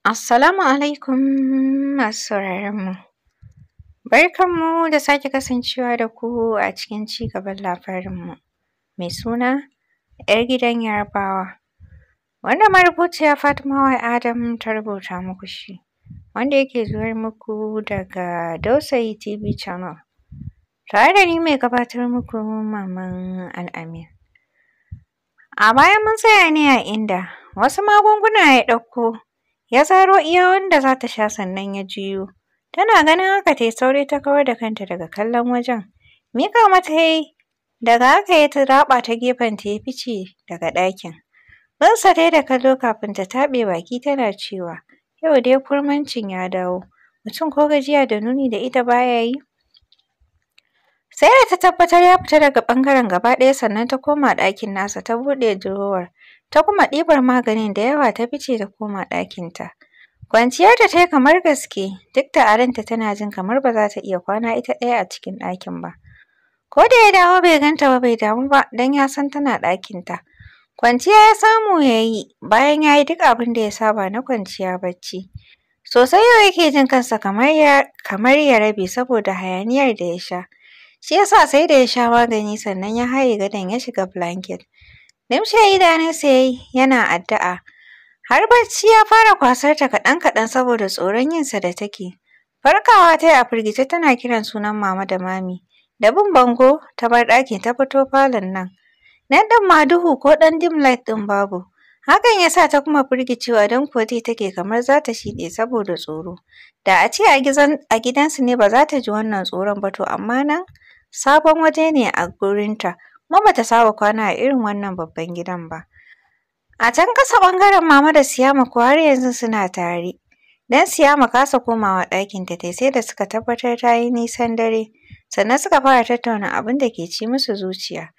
Assalamu alaikum masu sauraronmu. Barkanmu da sake kasancewa da ku a cikin cigaban gaban labarinmu mai suna ‘yar gidan Yarbawa. Wanda marubuciya Fatima mawa Adam ta rubuta muku shi, wanda yake zuwar muku daga Dausayi TV Channel. Tare da ni mai gabatar muku Maman Al'amin. A baya mun tsaya ne a inda wasu magunguna ya ɗauko. Ya zaro iya wanda za ta sha sannan ya jiyo. Tana ganin haka ta yi sauri ta kawar da kanta daga kallon wajen. Miƙa mata ya yi, daga haka ya raɓa ta gefen ta ya fice daga ɗakin. Binsa ta da kallo kafin ta taɓe baki tana cewa, yau dai kurmancin ya dawo, mutum ko gajiya da nuni da ita baya yi. Sai da ta tabbatar ya fita daga ɓangaren gaba ɗaya sannan ta koma ɗakin nasa ta buɗe durowar ta kuma ɗibar maganin da yawa ta fice da koma ɗakinta. Kwanciyar ta yi kamar gaske, duk da a ranta tana jin kamar ba za ta iya kwana ita ɗaya a cikin ɗakin ba. Ko da ya dawo bai ganta ba bai damu ba don ya san tana ɗakinta. Kwanciya ya samu ya yi bayan ya yi duk abin da ya saba na kwanciya bacci. Sosai yau yake jin kansa kamar ya kamar ya rabe saboda hayaniyar da ya sha. Shi ya sa sai da ya sha magani sannan ya haye gadon ya shiga blanket. Limshe idanunsa ya yi yana addu'a. Har barci ya fara kwasar ta kaɗan-kaɗan saboda tsoron yinsa da take. Farkawa ta yi a firgice tana kiran sunan mama da mami. Da bin bango ta bar ɗakin ta fito falon nan. Nan ɗin ma duhu ko ɗan dim light ɗin babu. Hakan ya sa ta kuma firgicewa don kuwa ji take kamar za ta shiɗe saboda tsoro. Da a ce a gidansu ne ba za ta ji wannan tsoron ba to amma nan sabon waje ne a gurinta. kuma bata saba kwana a irin wannan babban gidan ba. A can ƙasa ɓangaren mama da Siyama ko har yanzu suna tare. Dan Siyama kasa komawa ɗakinta tai sai da suka tabbatar ta yi nisan dare, sannan suka fara tattauna abin da ke ci musu zuciya.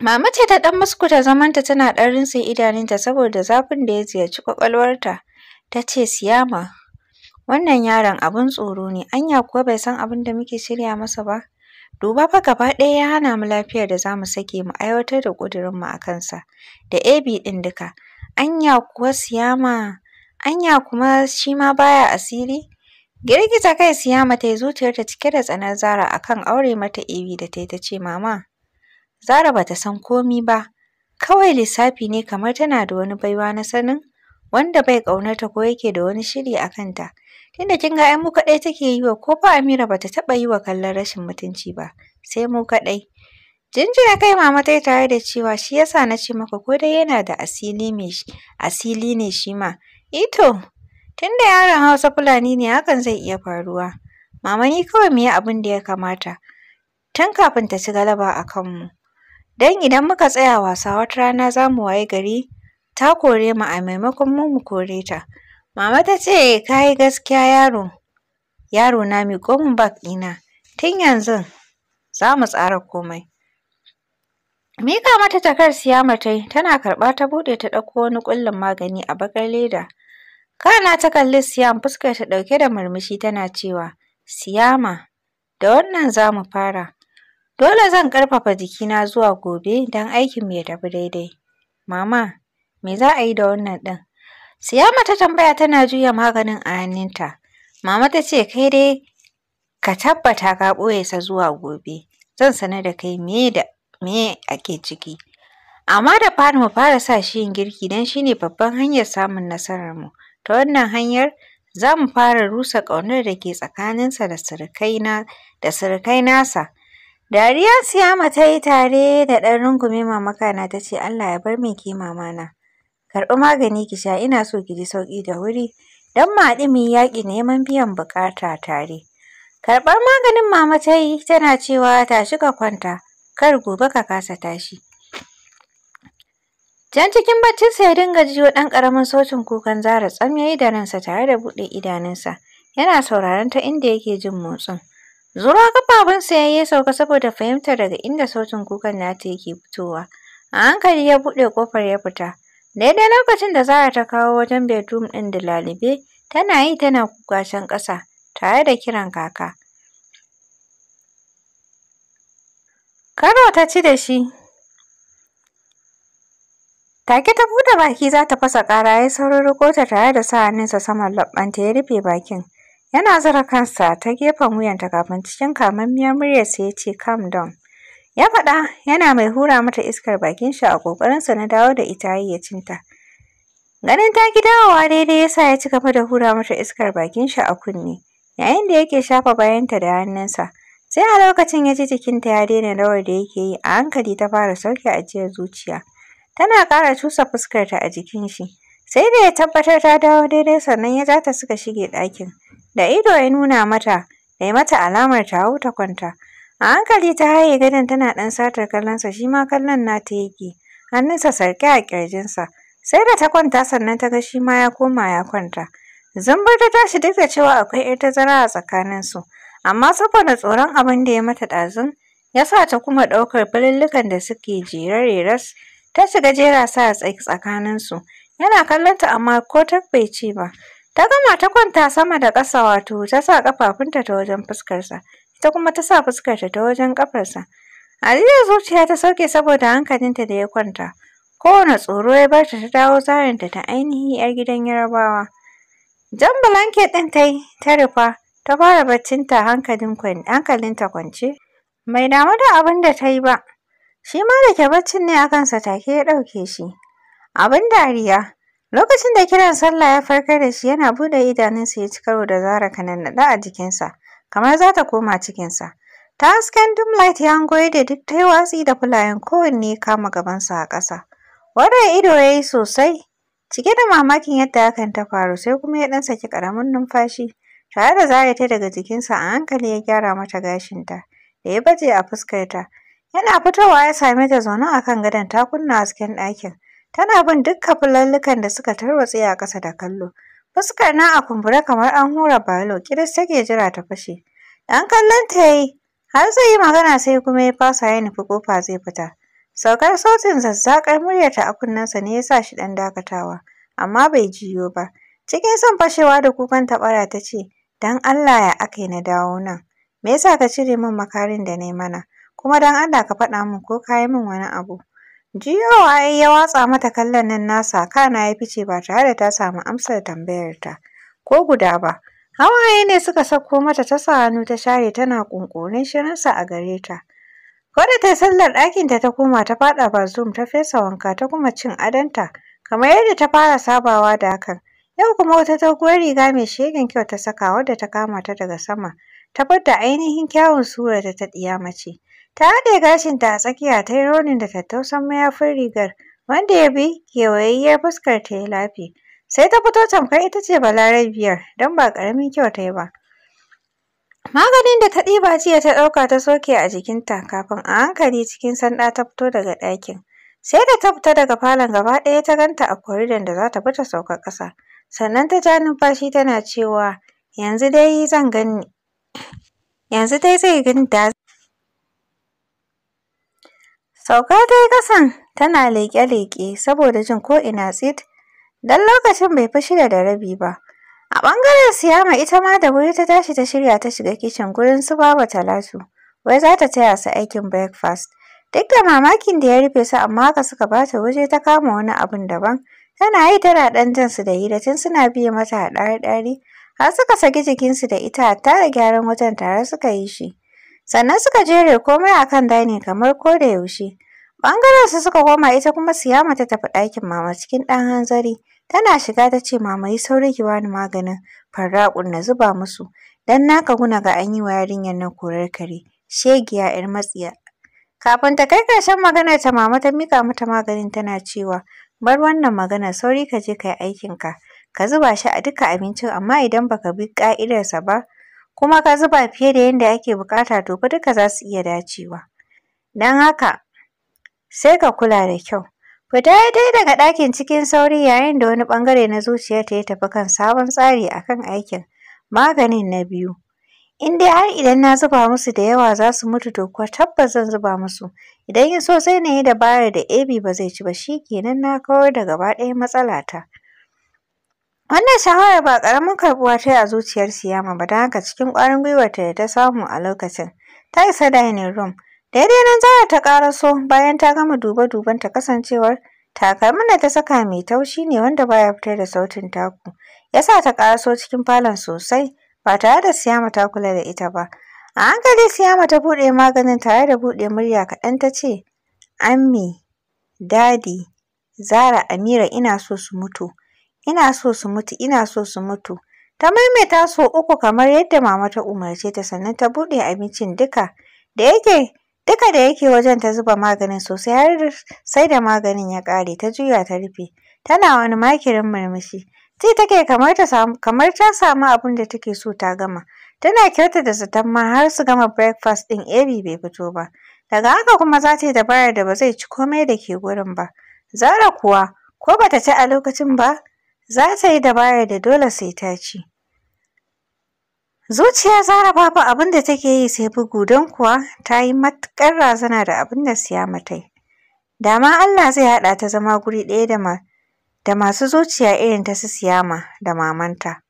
Mama ce ta ɗan muskuta zamanta tana ɗan rinse idanunta saboda zafin da ya ziyarci ƙwaƙwalwarta. Ta ce, Siyama, wannan yaron abin tsoro ne, anya kuwa bai san abin da muke shirya masa ba? Duba fa gaba ɗaya ya hana mu lafiyar da za mu sake mu aiwatar da ƙudurin mu a kansa, da AB ɗin duka. Anya kuwa Siyama, anya kuma Shima baya asiri? Girgiza kai Siyama ta yi zuciyarta cike da tsanar Zara a kan aure mata AB da ta yi ta ce, Mama, Zara bata san komi ba, kawai lissafi ne kamar tana da wani baiwa na sanin wanda bai ƙaunarta ko yake da wani shiri a kanta. Tunda kin ga ai mu kaɗai take yi wa ko fa Amira bata ta taɓa yi wa kallon rashin mutunci ba, sai mu kaɗai. Jinjina kai mama tai tare da cewa shi yasa na ce maka ko dai yana da asili me asili ne shi ma. Ito, tunda yaron Hausa Fulani ne hakan zai iya faruwa. Mama ni kawai mu yi abin da ya kamata tun kafin ta ci galaba a mu Don idan muka tsaya wasa wata rana za mu waye gari ta kore mu a maimakon mu mu kore ta. Mama ta ce, eh, ka yi gaskiya yaro. Yaro na miƙo min bag ɗina. Tun yanzu za mu tsara komai. Mika mata takar siyama ta yi, tana karɓa ta buɗe ta ɗauko wani ƙullin magani a baƙar leda. Kana ta kalli siyam fuskar ta ɗauke da murmushi tana cewa, Siyama, da wannan za mu fara. Dole zan ƙarfafa jikina zuwa gobe don aikin ya tafi daidai. Mama, me za a yi da wannan ɗin? Siyama ta tambaya tana juya maganin a hannunta. Mama ta ce kai dai ka tabbata ka ɓoye sa zuwa gobe. Zan sanar da kai me ake ciki. Amma da fara mu fara sa shi yin girki don shi ne babban hanyar samun nasarar mu. Ta wannan hanyar za mu fara rusa ƙaunar da ke tsakaninsa da surukaina da surukai nasa. Dariya Siyama ta yi tare da ɗan rungume mamaka na ta ce Allah ya bar min ke na. karɓi magani ki sha ina so ki ji sauƙi da wuri don mu haɗu mu yaƙi neman biyan buƙata tare. Karɓar maganin mama ta yi tana cewa tashi ka kwanta kar gobe ka kasa tashi. Jan cikin sa ya dinga ji wa ɗan ƙaramin sautin kukan Zara tsam ya yi da ransa tare da buɗe idanunsa yana sauraron ta inda yake jin motsin. Zura kafafunsa ya yi sauka saboda fahimtar daga inda sautin kukan nata yake fitowa. A hankali ya buɗe ƙofar ya fita. Daidai lokacin da Zara ta kawo wajen bedroom ɗin da lalube, tana yi tana kuka can ƙasa, tare da kiran kaka. Karo ta ci da shi. Take ta buɗe baki za ta fasa ƙara ya saurin riƙo ta tare da sa hannunsa saman leɓɓanta ya rufe bakin. Yana zura kansa ta gefen wuyanta kafin cikin kamammiyar muryarsa ya ce calm down. Ya faɗa yana mai hura mata iskar bakin shi a ƙoƙarinsa na dawo da ita hayyacinta. Ganin ta ki dawowa daidai yasa ya ci gaba da hura mata iskar bakin shi a kunne yayin da yake shafa bayanta da hannunsa. Sai a lokacin ya ji jikinta ya daina rawar da yake yi a hankali ta fara sauke ajiyar zuciya. Tana ƙara cusa fuskarta a jikin shi. Sai da ya tabbatar ta dawo daidai sannan ya ja ta suka shige ɗakin. Da ido ya nuna mata, ya yi mata alamar ta hau ta kwanta. A hankali ta haye gadon tana ɗan satar kallonsa shi ma kallon nata yake. Hannunsa sarƙe a ƙirjinsa. Sai da ta kwanta sannan ta ga shi ma ya koma ya kwanta. Zambar ta tashi duk da cewa akwai ‘yar tazara a tsakaninsu. Amma saboda tsoron abin da ya mata ɗazun, ya sa ta kuma ɗaukar balullukan da suke jere ras ta shiga jera sa a tsakaninsu. Yana kallonta amma ko ta bai ce ba. Ta gama ta kwanta sama da ƙasa wato ta sa ƙafafunta ta wajen fuskarsa. ita kuma ta sa fuskarta ta wajen ƙafarsa. Aliyu zuciya ta sauke saboda hankalinta da ya kwanta. Kowane tsoro ya bar ta ta dawo zarinta ta ainihi 'yar gidan Yarabawa. Jan blanket ɗin ta yi ta rufa ta fara ta baccin hankalin hankalinta kwance. Bai damu da abin da ta yi ba. Shi ma da ke baccin ne a kansa take ya ɗauke shi. Abin dariya. Lokacin da kiran sallah ya farkar da shi yana buɗe idanunsa ya ci karo da Zara kanannaɗe a jikinsa. kamar za ta koma cikinsa. Ta hasken Dumlight ya hango da duk ta yi watsi da filayen kowanne ya kama gabansa a ƙasa. Wannan ido ya yi sosai, cike da mamakin yadda hakan ta faru sai kuma ya ɗan saki ƙaramin numfashi, tare da zare ta daga jikinsa a hankali ya gyara mata gashinta da ya baje a fuskarta. Yana fitowa ya same ta zaune a kan gadon ta kunna hasken ɗakin, tana bin dukka fulallukan da suka tarwatse a ƙasa da kallo. Fuskar na a kumbura kamar an hura balo, kiris take jira ta fashe. Ɗan kallon ta yi, har zai yi magana sai kuma ya fasa ya nufi ƙofa zai fita. Saukar sautin zazzakar muryarta a sa ne ya sa shi ɗan dakatawa, amma bai jiyo ba. Cikin son fashewa da kukan taɓara ta ce, don Allah ya aka na dawo nan? Me yasa ka cire min makarin da na mana? Kuma don Allah ka faɗa min ko ka yi min wani abu. GOI ya watsa mata kallon nan nasa kana ya fice ba tare da ta samu amsar tambayarta ko guda ba. Hawaye ne suka sauko mata ta sa hannu ta share tana ƙunƙurin shirinsa a gare ta. Wadda ta sallar ɗakinta ta koma ta faɗa ba zoom ta fesa wanka ta kuma cin adanta kamar yadda ta fara sabawa da hakan. Yau kuma wata doguwar riga mai shegen kyau ta saka wadda ta kama ta daga sama ta bar da ainihin kyawun surarta ta ɗiya mace. Ta haɗe gashinta a tsakiya ta yi raunin da tattausan mayafin rigar wanda ya bi kewayayyiyar fuskar ta ya lafe. Sai ta fito tamkar ita ce Balarai biyar, don ba ƙaramin kyau ta yi ba. Maganin da ta ɗiba jiya ta ɗauka ta soke a jikinta kafin a hankali cikin sanda ta fito daga ɗakin. Sai da ta fita daga falon gaba ɗaya ta ganta a koridon da za ta bi ta sauka ƙasa. Sannan ta ja numfashi tana cewa yanzu dai zan gani yanzu dai zai gani da Sauka dai kasan tana leƙe-leƙe saboda jin ko ina tsit, don lokacin bai fi shida da rabi ba. A ɓangaren Siyama ita ma da wuri ta tashi ta shirya ta shiga kicin gurin su Baba Talatu, wai za ta taya su aikin breakfast. Duk da mamakin da ya rufe su amma haka suka ba ta waje ta kama wani abun daban. Tana yi tana ɗan jan su da hira tun suna biye mata a ɗari-ɗari, har suka saki jikinsu da ita hatta da gyaran wajen tare suka yi shi. sannan suka jere komai a kan dani kamar ko da yaushe ɓangaren su suka koma ita kuma siyama ta tafi ɗakin mama cikin ɗan hanzari tana shiga ta ce mama yi sauri ki bani maganin farraƙun na zuba musu dan naka guna ga an yi wa yarinyar nan korar kare shegiya 'yar matsiya kafin ta kai ƙarshen maganar ta mama ta mika mata maganin tana cewa bar wannan maganar sauri ka je ka yi aikinka ka zuba shi a duka abincin amma idan baka bi ƙa'idarsa ba kuma ka zuba fiye da yadda ake buƙata to fa duka za su iya dacewa. Don haka sai ka kula da kyau. Fita ya dai daga ɗakin cikin sauri yayin da wani ɓangare na zuciyarta ya tafi kan sabon tsari a kan aikin maganin na biyu. In dai har idan na zuba musu da yawa za su mutu to kuwa tabbas zan zuba musu. Idan ya so sai na yi dabarar da AB ba zai ci ba shi kenan na kawar da gaba ɗaya matsalata. Wannan shawarar ba ƙaramin karɓuwa ta yi a zuciyar Siyama ba don haka cikin ƙwarin gwiwarta da ta samu a lokacin ta isa dining room. Daidai nan Zara ta ƙaraso bayan ta gama duba-duban ta kasancewar takalmin da ta saka mai taushi ne wanda baya fitar da sautin taku. Ya sa ta ƙaraso cikin falon sosai ba tare da Siyama ta kula da ita ba. A hankali Siyama ta buɗe maganin tare da buɗe murya kaɗan ta ce, Ammi, Dadi, Zara, Amira ina so su mutu. ina so su mutu ina so su mutu ta maimaita sau uku kamar yadda mama ta umarce ta sannan ta buɗe abincin duka da yake duka da yake wajen ta zuba maganin sosai har sai da maganin ya ƙare ta juya ta rufe tana wani makirin murmushi ji take kamar ta samu kamar ta samu abin da take so ta gama tana kyauta da zaton ma har su gama breakfast ɗin Abby bai fito ba daga haka kuma za ta yi dabarar da ba zai ci komai da ke gurin ba Zara kuwa ko bata ci a lokacin ba za ta yi dabara da dole sai ta ci. Zuciya Zara babu abin da take yi sai bugu don kuwa ta yi matuƙar razana da abin da siya ta yi. Da ma Allah zai haɗa ta zama guri ɗaya da masu zuciya irin ta su Siyama da mamanta.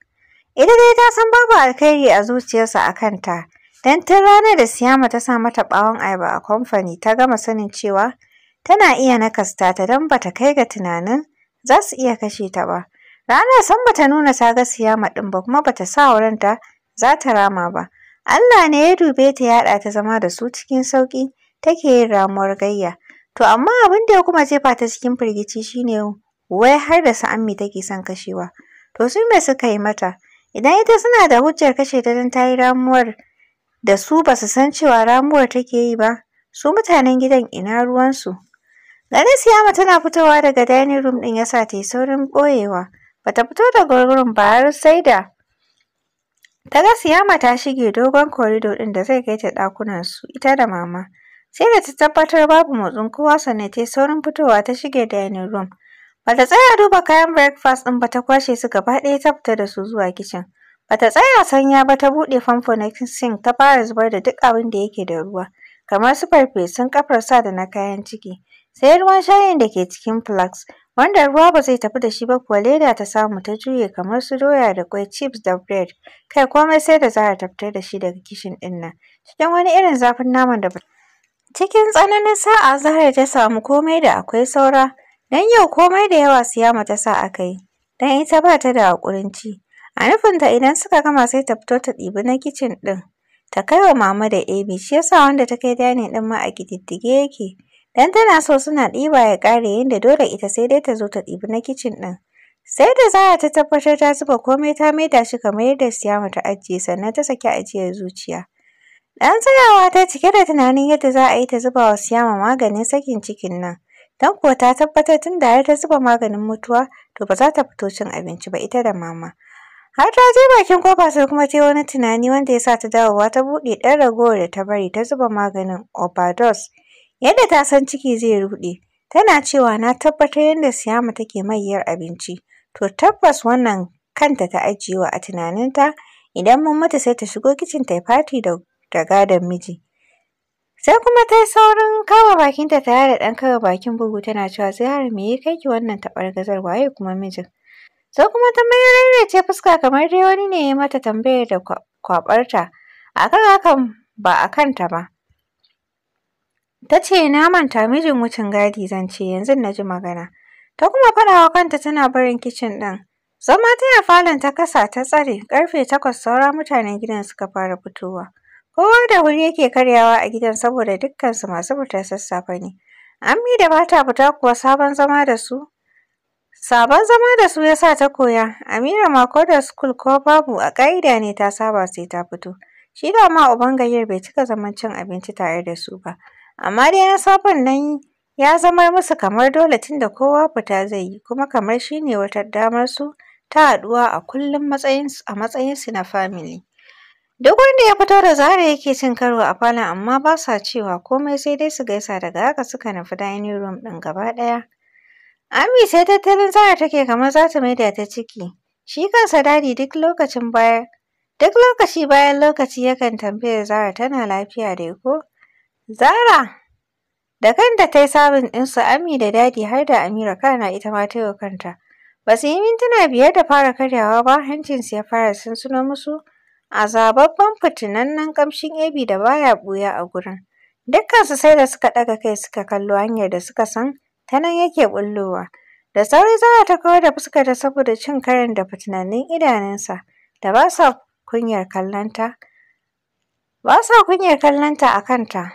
Ita dai ta san babu alkhairi a zuciyarsa a kanta, don tun ranar da Siyama ta sa mata ɓawon ayaba a kamfani ta gama sanin cewa tana iya nakasta ta don ba kai ga tunanin za su iya kashe ta ba. Rana san bata nuna ta ga Siyama ɗin ba kuma bata sa wa ta za ta rama ba. Allah ne ya dube ta yaɗa ta zama da su cikin sauƙi take yin ramuwar gayya. To amma abin da ya kuma jefa ta cikin firgici shine wai har da Sa'ammi take son kashewa. To su me suka yi mata? Idan ita suna da hujjar kashe ta don ta yi ramuwar da su ba su san cewa ramuwar take yi ba, su mutanen gidan ina ruwansu? Ganin Siyama tana fitowa daga dining room ɗin ya sa ta yi saurin ɓoyewa. bata fito da wurin ba har sai da ta ga siyama ta shige dogon korido din da zai kai ta ɗakunan su ita da mama sai da ta tabbatar babu motsin kowa sanne ta saurin fitowa ta shige dining room bata tsaya duba kayan breakfast ɗin ba ta kwashe su gaba ɗaya ta fita da su zuwa kicin bata tsaya sanya ba ta buɗe famfo na sink ta fara zubar da duk abin da yake da ruwa kamar su farfesun ƙafar sa da na kayan ciki sai ruwan shayin da ke cikin flask wanda ruwa ba zai tafi da shi ba kuwa leda ta samu ta juye kamar su doya da kwai chips da bread kai komai sai da za a tafitar da shi daga kishin ɗin nan cikin wani irin zafin naman da cikin tsananin sa'a Zahra ta samu komai da akwai saura don yau komai da yawa Siyama ta sa aka yi don ita ba ta da haƙurin ci a nufinta idan suka gama sai ta fito ta ɗibi na kicin ɗin ta kai wa mama da Amy shi yasa wanda ta kai dining ɗin ma a ƙididdige yake Dan tana so suna ɗiba ya ƙare yadda dole ita sai dai ta zo ta ɗibi na kicin ɗin. Sai da Zara ta tabbatar ta zuba komai ta maida shi kamar yadda Siyama ta ajiye sannan ta saki ajiyar zuciya. Ɗan tsayawa ta cike da tunanin yadda za a yi ta zuba wa Siyama maganin sakin cikin nan. Don kuwa ta tabbatar tun da har ta zuba maganin mutuwa to ba za ta fito cin abinci ba ita da mama. Har ta je bakin kofa sai kuma ta yi wani tunani wanda ya sa ta dawowa ta buɗe ɗan ragowar da ta bari ta zuba maganin overdose Yadda ta san ciki zai ruɗe, tana cewa na tabbatar yadda Siyama take maiyar abinci, to tabbas wannan kanta ta ajiyewa a tunaninta, idan mun mutu sai ta shigo kicin ta fati da gadon miji. Sai kuma ta yi saurin kama bakinta tare da ɗan kama bakin bugu tana cewa Ziyara me ya kai ki wannan taɓargazar waye kuma mijin? Sai kuma ta ce fuska kamar dai wani ne ya mata tambayar da kwaɓarta, a kan hakan ba a kanta ba. Ta ce na manta mijin wucin gadi zan ce yanzu na ji magana. Ta kuma faɗawa kanta tana barin kicin ɗin. Zama tana falon ta kasa ta tsare ƙarfe takwas saura mutanen gidan suka fara fitowa. Kowa da wuri yake karyawa a gidan saboda dukkansu masu fita sassafe ne. Ammi da ba fita kuwa sabon zama da su. Sabon zama da su ya sa ta koya. Amira ma ko da sukul ko babu a ƙa'ida ne ta saba sai ta fito. Shi da ma uban gayyar bai cika zaman cin abinci tare da su ba. Amma dai na sabon nan ya zama musu kamar dole tunda kowa fita zai yi kuma kamar shi ne wata su ta haɗuwa a kullum a matsayinsu na family. Duk wanda ya fito da Zara yake cin karo a falon amma ba sa cewa komai sai dai su gaisa daga haka suka nufi dining room ɗin gaba ɗaya. Ami sai tattalin Zara take kamar za ta maida ta ciki. Shi kansa dadi duk lokacin baya duk lokaci bayan lokaci yakan tambayar Zara tana lafiya dai ko? Zara da kanta ta yi sabon ɗinsu Ami da Dadi har da Amira kana ita ma ta yi wa kanta. Ba su yi mintuna biyar da fara karyawa ba su ya fara sunsuno musu A zababben fitinannen ƙamshin ebi da baya ɓuya a gurin. Dukkansu sai da suka ɗaga kai suka kallo hanyar da suka san ta nan yake ɓullowa. Da sauri Zara ta kawar da fuskarta saboda cin karin da fitinannun idanunsa da ba sa kunyar kallonta ba sa kunyar kallonta a kanta.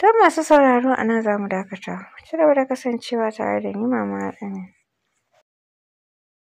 Don masu sauraro a nan za mu dakata. Ku ci gaba da kasancewa tare da ni Mama Amina.